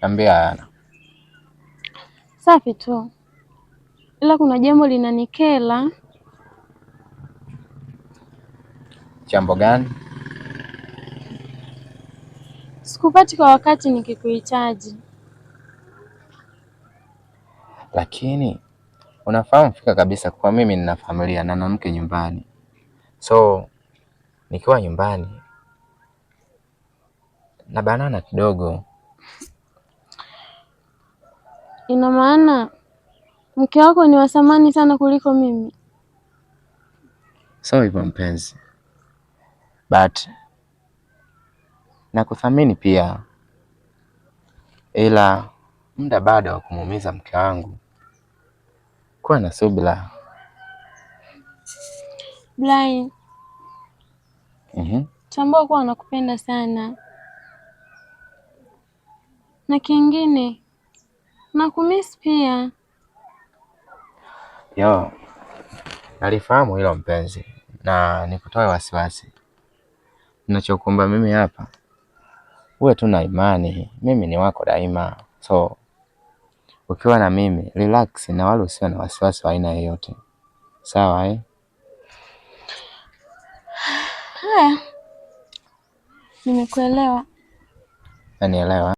nambia hayana safi tu, ila kuna jambo linanikela. Jambo gani? Sikupati kwa wakati nikikuhitaji, lakini unafahamu fika kabisa kwa mimi nina familia na na mke nyumbani, so nikiwa nyumbani na banana kidogo Ina maana mke wako ni wa thamani sana kuliko mimi. so hivyo mpenzi, but nakuthamini pia, ila muda baada wa kumuumiza mke wangu. Kuwa na subira Brian. Mhm. Tambua kuwa nakupenda sana na kingine Hamisi pia. Yo, nalifahamu hilo mpenzi, na nikutoe wasiwasi. Ninachokuomba mimi hapa, uwe tu na imani, mimi ni wako daima. So ukiwa na mimi relax, na wala usiwe na wasiwasi wa aina yoyote, sawa eh? Haya, nimekuelewa. Nanielewa?